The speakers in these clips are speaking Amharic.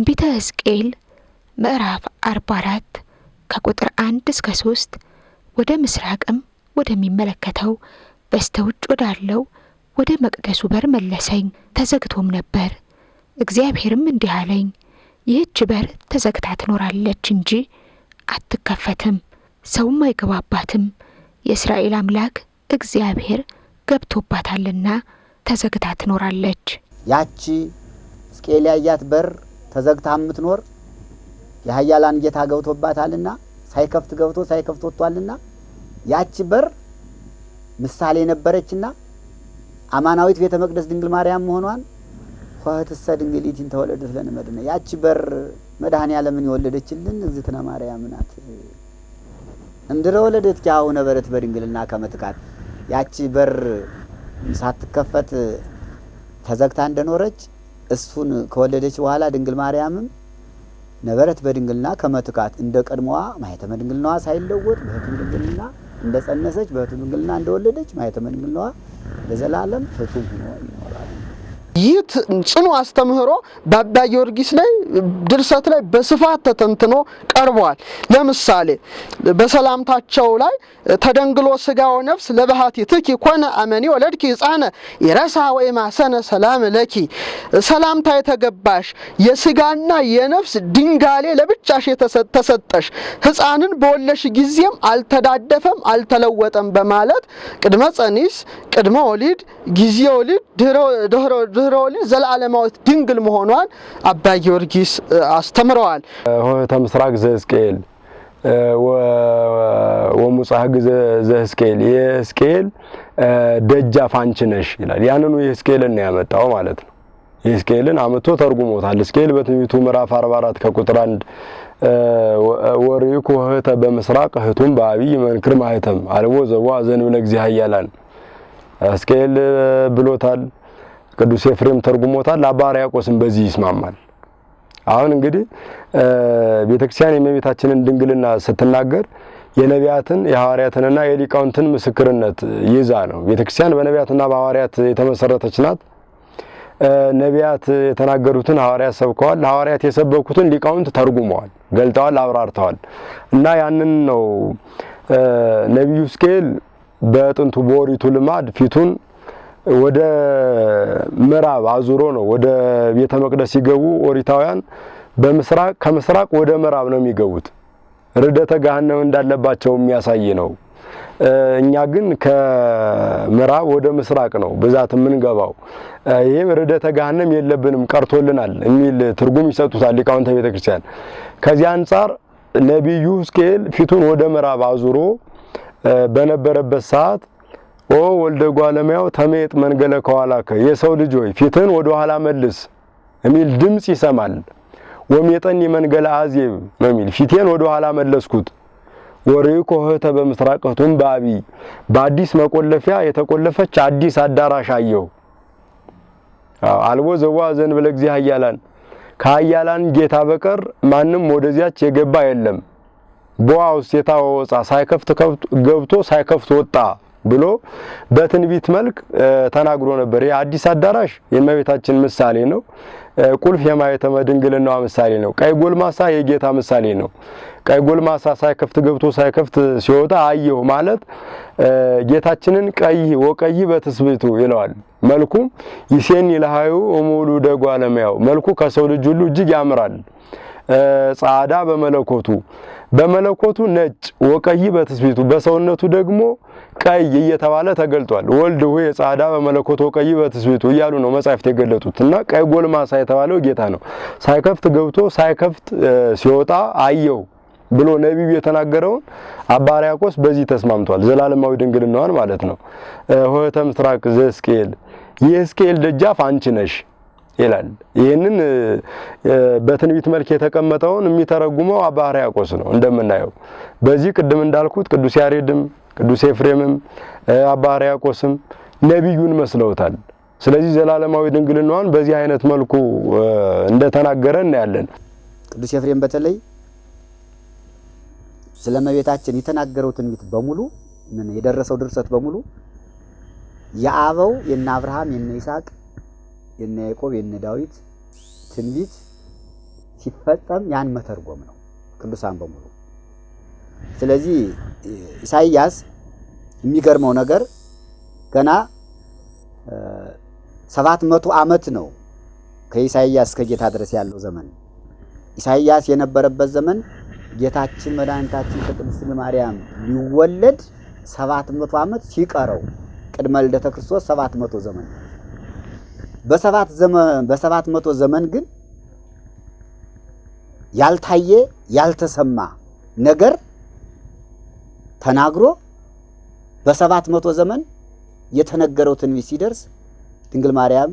ትንቢተ ሕዝቅኤል ምዕራፍ 44 ከቁጥር 1 እስከ 3 ወደ ምስራቅም ወደሚመለከተው በስተ ውጭ ወዳለው ወደ መቅደሱ በር መለሰኝ፣ ተዘግቶም ነበር። እግዚአብሔርም እንዲህ አለኝ፣ ይህች በር ተዘግታ ትኖራለች እንጂ አትከፈትም፣ ሰውም አይገባባትም። የእስራኤል አምላክ እግዚአብሔር ገብቶባታልና ተዘግታ ትኖራለች። ያቺ ሕዝቅኤል ያያት በር ተዘግታ የምትኖር የሀያላን ጌታ ገብቶባታልና ሳይከፍት ገብቶ ሳይከፍት ወጥቷልና ያቺ በር ምሳሌ ነበረችና አማናዊት ቤተ መቅደስ ድንግል ማርያም መሆኗን ኆኅትሰ ድንግሊቲን ተወለደት ለንመድነ ያቺ በር መድኃኔ ዓለምን የወለደችልን እግዝእትነ ማርያም ናት። እንድረ ወለደት ኪያሁነ ነበረት በድንግልና ከመትካት ያቺ በር ሳትከፈት ተዘግታ እንደኖረች እሱን ከወለደች በኋላ ድንግል ማርያምም ነበረት በድንግልና ከመትካት እንደ ቀድሞዋ ማኅተመ ድንግልናዋ ሳይለወጥ በኅቱም ድንግልና እንደጸነሰች በኅቱም ድንግልና እንደወለደች ማኅተመ ድንግልናዋ ለዘላለም ፍቱም ሆኖ ይኖራል። ይህ ጽኑ አስተምህሮ በአባ ጊዮርጊስ ላይ ድርሰት ላይ በስፋት ተተንትኖ ቀርቧል። ለምሳሌ በሰላምታቸው ላይ ተደንግሎ ስጋው ነፍስ ለባህቲትኪ ኮነ አመኒ ወለድኪ ሕፃነ ይረሳ ወይ ማሰነ ሰላም ለኪ ሰላምታ የተገባሽ የስጋና የነፍስ ድንጋሌ ለብቻሽ ተሰጠሽ ህፃንን በወለሽ ጊዜም አልተዳደፈም አልተለወጠም በማለት ቅድመ ጸኒስ ቅድመ ወሊድ ጊዜ ወሊድ ድህረ ወሊድ ዘለዓለማዊት ድንግል መሆኗን አባ ጊዮርጊስ ጊዮርጊስ አስተምረዋል። ሆህተ ምስራቅ ዘሕዝቅኤል ግዘ ዘሕዝቅኤል የሕዝቅኤል ደጃፍ አንቺ ነሽ ይላል። ያንኑ የሕዝቅኤልን ነው ያመጣው ማለት ነው። የሕዝቅኤልን አመቶ ተርጉሞታል። ሕዝቅኤል በትንቢቱ ምዕራፍ 44 ከቁጥር 1 ወርኢኩ ሆህተ በምስራቅ ህቱም በአብይ መንክር ማህተም አልቦ ዘቦ ዘእንበለ እግዚእ ኃያላን ሕዝቅኤል ብሎታል። ቅዱስ ኤፍሬም ተርጉሞታል። አባ ሕርያቆስም በዚህ ይስማማል። አሁን እንግዲህ ቤተክርስቲያን የእመቤታችንን ድንግልና ስትናገር የነቢያትን የሐዋርያትንና የሊቃውንትን ምስክርነት ይዛ ነው። ቤተክርስቲያን በነቢያትና በሐዋርያት የተመሰረተች ናት። ነቢያት የተናገሩትን ሐዋርያት ሰብከዋል፣ ሐዋርያት የሰበኩትን ሊቃውንት ተርጉመዋል፣ ገልጠዋል፣ አብራርተዋል እና ያንን ነው ነቢዩ ሕዝቅኤል በጥንቱ በኦሪቱ ልማድ ፊቱን ወደ ምዕራብ አዙሮ ነው ወደ ቤተ መቅደስ ሲገቡ ኦሪታውያን በምስራቅ ከምስራቅ ወደ ምዕራብ ነው የሚገቡት። ርደተ ገሃነም እንዳለባቸው የሚያሳይ ነው። እኛ ግን ከምዕራብ ወደ ምስራቅ ነው ብዛት የምንገባው። ይህም ርደተ ገሃነም የለብንም ቀርቶልናል የሚል ትርጉም ይሰጡታል ሊቃውንተ ቤተ ክርስቲያን። ከዚህ አንጻር ነቢዩ ሕዝቅኤል ፊቱን ወደ ምዕራብ አዙሮ በነበረበት ሰዓት ኦ ወልደ ጓለማያው ተመየጥ መንገለ ከኋላከ የሰው ልጅ ሆይ ፊትህን ወደ ኋላ መልስ የሚል ድምጽ ይሰማል። ወሜጠኒ መንገለ አዜብ ነው የሚል ፊቴን ወደ ኋላ መለስኩት። ወርኢኮ ህተ በምስራቅህ ቱንባቢ በአዲስ መቆለፊያ የተቆለፈች አዲስ አዳራሽ አየሁ። አልቦ ዘዋ ዘእንበለ እግዚእ ኃያላን ከኃያላን ጌታ በቀር ማንም ወደዚያች የገባ የለም። ቦአ ውስቴታ ወወፃ ሳይከፍት ገብቶ ሳይከፍት ወጣ ብሎ በትንቢት መልክ ተናግሮ ነበር። የአዲስ አዲስ አዳራሽ የእመቤታችን ምሳሌ ነው። ቁልፍ የማኅተመ ድንግልናዋ ምሳሌ ነው። ቀይ ጎልማሳ የጌታ ምሳሌ ነው። ቀይ ጎልማሳ ሳይከፍት ገብቶ ሳይከፍት ሲወጣ አየሁ ማለት ጌታችንን ቀይ ወቀይ በትስብቱ ይለዋል። መልኩ ይሴን ይልሃዩ እሙሉ ደጓ ለሚያው መልኩ ከሰው ልጅ ሁሉ እጅግ ያምራል። ጻዳ በመለኮቱ በመለኮቱ ነጭ ወቀይ በትስቢቱ በሰውነቱ ደግሞ ቀይ እየተባለ ተገልጧል። ወልድ ሆይ የጻዳ በመለኮቱ ወቀይ በትስቢቱ እያሉ ነው መጻሕፍት የገለጡት እና ቀይ ጎልማሳ የተባለው ጌታ ነው። ሳይከፍት ገብቶ ሳይከፍት ሲወጣ አየው ብሎ ነቢዩ የተናገረውን አባ ሕርያቆስ በዚህ ተስማምቷል። ዘላለማዊ ድንግልናዋን ማለት ነው። ኆኅተ ምስራቅ ዘሕዝቅኤል የሕዝቅኤል ደጃፍ አንቺ ነሽ ይላል። ይህንን በትንቢት መልክ የተቀመጠውን የሚተረጉመው አባ ሕርያቆስ ነው። እንደምናየው በዚህ ቅድም እንዳልኩት ቅዱስ ያሬድም ቅዱስ ኤፍሬምም አባ ሕርያቆስም ነቢዩን መስለውታል። ስለዚህ ዘላለማዊ ድንግልናዋን በዚህ አይነት መልኩ እንደተናገረ እናያለን። ቅዱስ ኤፍሬም በተለይ ስለ እመቤታችን የተናገረው ትንቢት በሙሉ የደረሰው ድርሰት በሙሉ የአበው የነ አብርሃም የነ ይስሐቅ የነ ያዕቆብ የነ ዳዊት ትንቢት ሲፈጸም ያን መተርጎም ነው ቅዱሳን በሙሉ። ስለዚህ ኢሳይያስ የሚገርመው ነገር ገና ሰባት መቶ ዓመት ነው ከኢሳይያስ እስከ ጌታ ድረስ ያለው ዘመን። ኢሳይያስ የነበረበት ዘመን ጌታችን መድኃኒታችን ከቅድስት ማርያም ሊወለድ ሰባት መቶ ዓመት ሲቀረው ቅድመ ልደተ ክርስቶስ ሰባት መቶ ዘመን ነው። በሰባት ዘመን በሰባት መቶ ዘመን ግን ያልታየ ያልተሰማ ነገር ተናግሮ በሰባት መቶ ዘመን የተነገረው ትንቢት ሲደርስ ድንግል ማርያም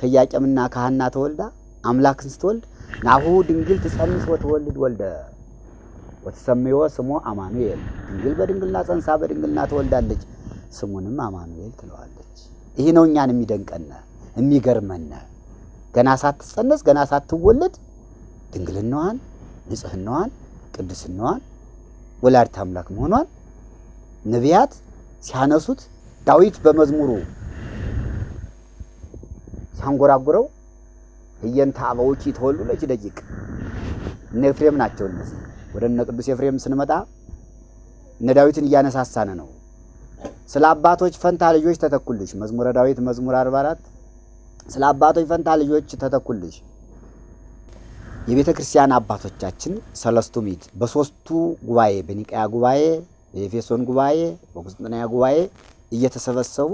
ከኢያቄምና ከሐና ተወልዳ አምላክን ስትወልድ ናሁ ድንግል ትጸንስ ወትወልድ ወልደ ወትሰምዮ ስሙ አማኑኤል ድንግል በድንግልና ጸንሳ በድንግልና ተወልዳለች ስሙንም አማኑኤል ትለዋለች። ይሄ ነው እኛን የሚደንቀነ የሚገርመነ ገና ሳትጸነስ ገና ሳትወለድ ድንግልናዋን፣ ንጽህናዋን፣ ቅድስናዋን ወላዲተ አምላክ መሆኗን ነቢያት ሲያነሱት ዳዊት በመዝሙሩ ሲያንጎራጉረው እየንተ አበውኪ ተወልዱ ለኪ ደቂቅ እነ ኤፍሬም ናቸው። እነዚህ ወደ እነ ቅዱስ ኤፍሬም ስንመጣ እነ ዳዊትን እያነሳሳነ ነው። ስለ አባቶች ፈንታ ልጆች ተተኩልሽ። መዝሙረ ዳዊት መዝሙር 44 ስለ አባቶች ፈንታ ልጆች ተተኩልሽ። የቤተ ክርስቲያን አባቶቻችን ሰለስቱ ምዕት በሶስቱ ጉባኤ በኒቃያ ጉባኤ፣ በኤፌሶን ጉባኤ፣ በቁስጥንጥንያ ጉባኤ እየተሰበሰቡ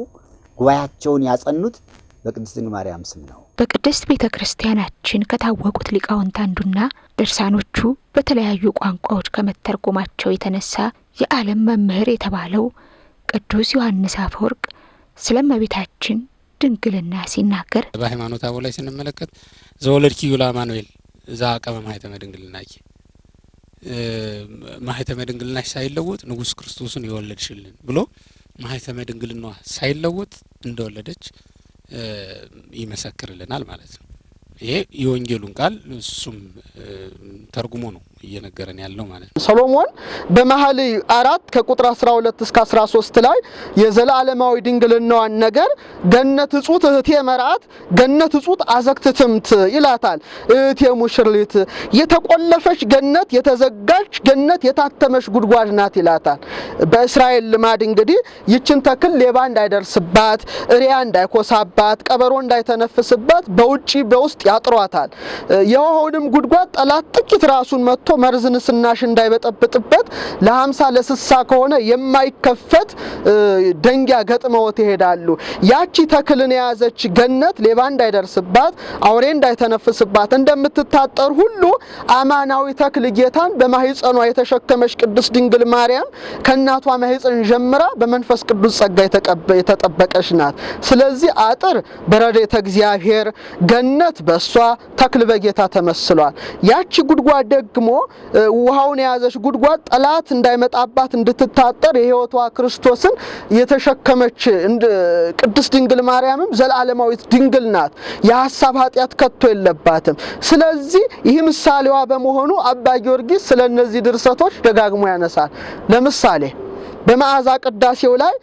ጉባኤያቸውን ያጸኑት በቅድስት ድንግል ማርያም ስም ነው። በቅድስት ቤተ ክርስቲያናችን ከታወቁት ሊቃውንት አንዱና ድርሳኖቹ በተለያዩ ቋንቋዎች ከመተርጎማቸው የተነሳ የዓለም መምህር የተባለው ቅዱስ ዮሐንስ አፈወርቅ ስለ እመቤታችን ድንግልና ሲናገር በሃይማኖት አበው ላይ ስንመለከት ዘወለድኪዩ ለአማኑኤል ዘአቀበ ማኅተመ ድንግልናኪ ማኅተመ ድንግልናሽ ሳይለወጥ ንጉሥ ክርስቶስን የወለድሽልን ብሎ ማኅተመ ድንግልና ሳይለወጥ እንደወለደች ይመሰክርልናል ማለት ነው። ይሄ የወንጌሉን ቃል እሱም ተርጉሞ ነው እየነገረን ያለው ማለት ነው። ሰሎሞን በመኃልይ አራት ከቁጥር 12 እስከ 13 ላይ የዘላለማዊ ድንግልናዋን ነገር ገነት እጹት እህቴ መርአት ገነት እጹት አዘግት ትምት ይላታል። እህቴ ሙሽርሊት የተቆለፈች ገነት፣ የተዘጋች ገነት፣ የታተመች ጉድጓድ ናት ይላታል። በእስራኤል ልማድ እንግዲህ ይችን ተክል ሌባ እንዳይደርስባት፣ እሪያ እንዳይኮሳባት፣ ቀበሮ እንዳይተነፍስባት በውጭ በውስጥ ያጥሯታል። የውሃውንም ጉድጓድ ጠላት ጥቂት ራሱን መጥቶ መርዝን ስናሽ እንዳይበጠብጥበት ለሀምሳ ለስሳ ከሆነ የማይከፈት ደንጊያ ገጥመውት ይሄዳሉ። ያቺ ተክልን የያዘች ገነት ሌባ እንዳይደርስባት፣ አውሬ እንዳይተነፍስባት እንደምትታጠር ሁሉ አማናዊ ተክል ጌታን በማህፀኗ የተሸከመች ቅድስት ድንግል ማርያም ከእናቷ ማህፀን ጀምራ በመንፈስ ቅዱስ ጸጋ የተጠበቀች ናት። ስለዚህ አጥር በረድኤተ እግዚአብሔር ገነት በእሷ ተክል በጌታ ተመስሏል። ያቺ ጉድጓድ ደግሞ ውሃውን የያዘች ጉድጓድ ጠላት እንዳይመጣባት እንድትታጠር የህይወቷ ክርስቶስን የተሸከመች ቅድስት ድንግል ማርያምም ዘላለማዊት ድንግል ናት። የሀሳብ ኃጢአት ከቶ የለባትም። ስለዚህ ይህ ምሳሌዋ በመሆኑ አባ ጊዮርጊስ ስለ እነዚህ ድርሰቶች ደጋግሞ ያነሳል። ለምሳሌ በመዓዛ ቅዳሴው ላይ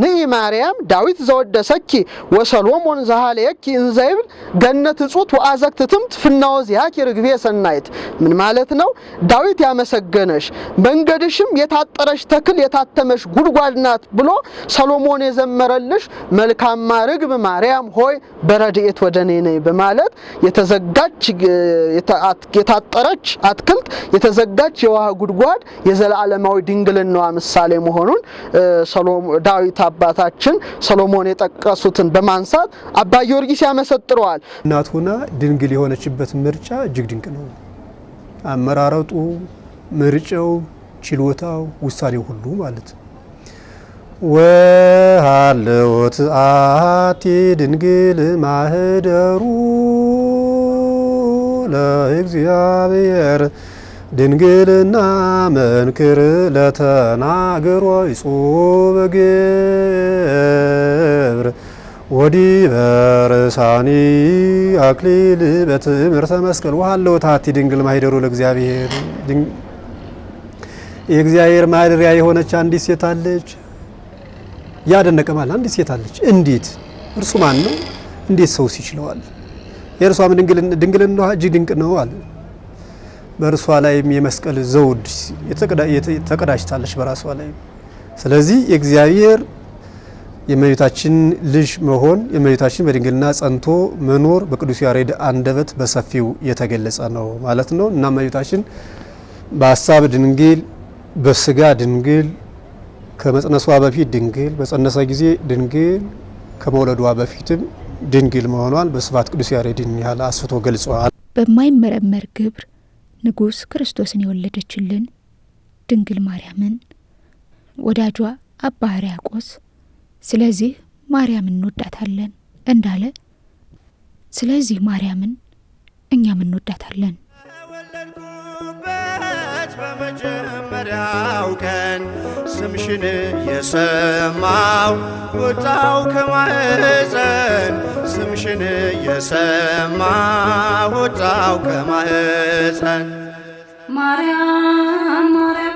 ንኢ ማርያም ዳዊት ዘወደሰኪ ወሰሎሞን ዘሃለየኪ እንዘይብል ገነት እጹት ወአዘክት ትምት ፍናወዚያኪ ርግቤ ሰናይት። ምን ማለት ነው? ዳዊት ያመሰገነሽ መንገድሽም የታጠረሽ ተክል የታተመሽ ጉድጓድ ናት ብሎ ሰሎሞን የዘመረልሽ መልካማ ርግብ ማርያም ሆይ በረድኤት ወደ እኔ ነይ በማለት የተዘጋች የታጠረች አትክልት የተዘጋች የውሃ ጉድጓድ የዘላለማዊ ድንግልናዋ ምሳሌ መሆኑ መሆኑን ዳዊት አባታችን ሰሎሞን የጠቀሱትን በማንሳት አባ ጊዮርጊስ ያመሰጥረዋል። እናት ሆና ድንግል የሆነችበት ምርጫ እጅግ ድንቅ ነው። አመራረጡ፣ ምርጫው፣ ችሎታው፣ ውሳኔው ሁሉ ማለት ወሃለወት አሐቲ ድንግል ማህደሩ ለእግዚአብሔር ድንግልና መንክር ለተናግሮ ይጹብ ግብር ወዲ በርሳኒ አክሊል በትምህርተ መስቀል ወሃለው ታቲ ድንግል ማኅደሩ ለእግዚአብሔር። የእግዚአብሔር ማደሪያ የሆነች አንዲት ሴት አለች። ያደነቀ ማለት አንዲት ሴት አለች። እንዴት እርሱ ማን ነው? እንዴት ሰውስ ይችለዋል? የእርሷም ድንግልና እጅግ ድንቅ ነው አለ በእርሷ ላይም የመስቀል ዘውድ ተቀዳጅታለች በራሷ ላይ። ስለዚህ የእግዚአብሔር የመቤታችን ልጅ መሆን የመቤታችን በድንግልና ጸንቶ መኖር በቅዱስ ያሬድ አንደበት በሰፊው የተገለጸ ነው ማለት ነው እና መቤታችን በሀሳብ ድንግል፣ በስጋ ድንግል፣ ከመጽነሷ በፊት ድንግል፣ በጸነሰ ጊዜ ድንግል፣ ከመውለዷ በፊትም ድንግል መሆኗን በስፋት ቅዱስ ያሬድ ያህል አስፍቶ ገልጸዋል። በማይመረመር ግብር ንጉሥ ክርስቶስን የወለደችልን ድንግል ማርያምን ወዳጇ አባ ሕርያቆስ ስለዚህ ማርያም እንወዳታለን እንዳለ ስለዚህ ማርያምን እኛም እንወዳታለን። በመጀመሪያው ቀን ስምሽን የሰማው ወጣው ከማህፀን ስምሽን የሰማው ወጣው ከማህፀን ማርያም ማርያም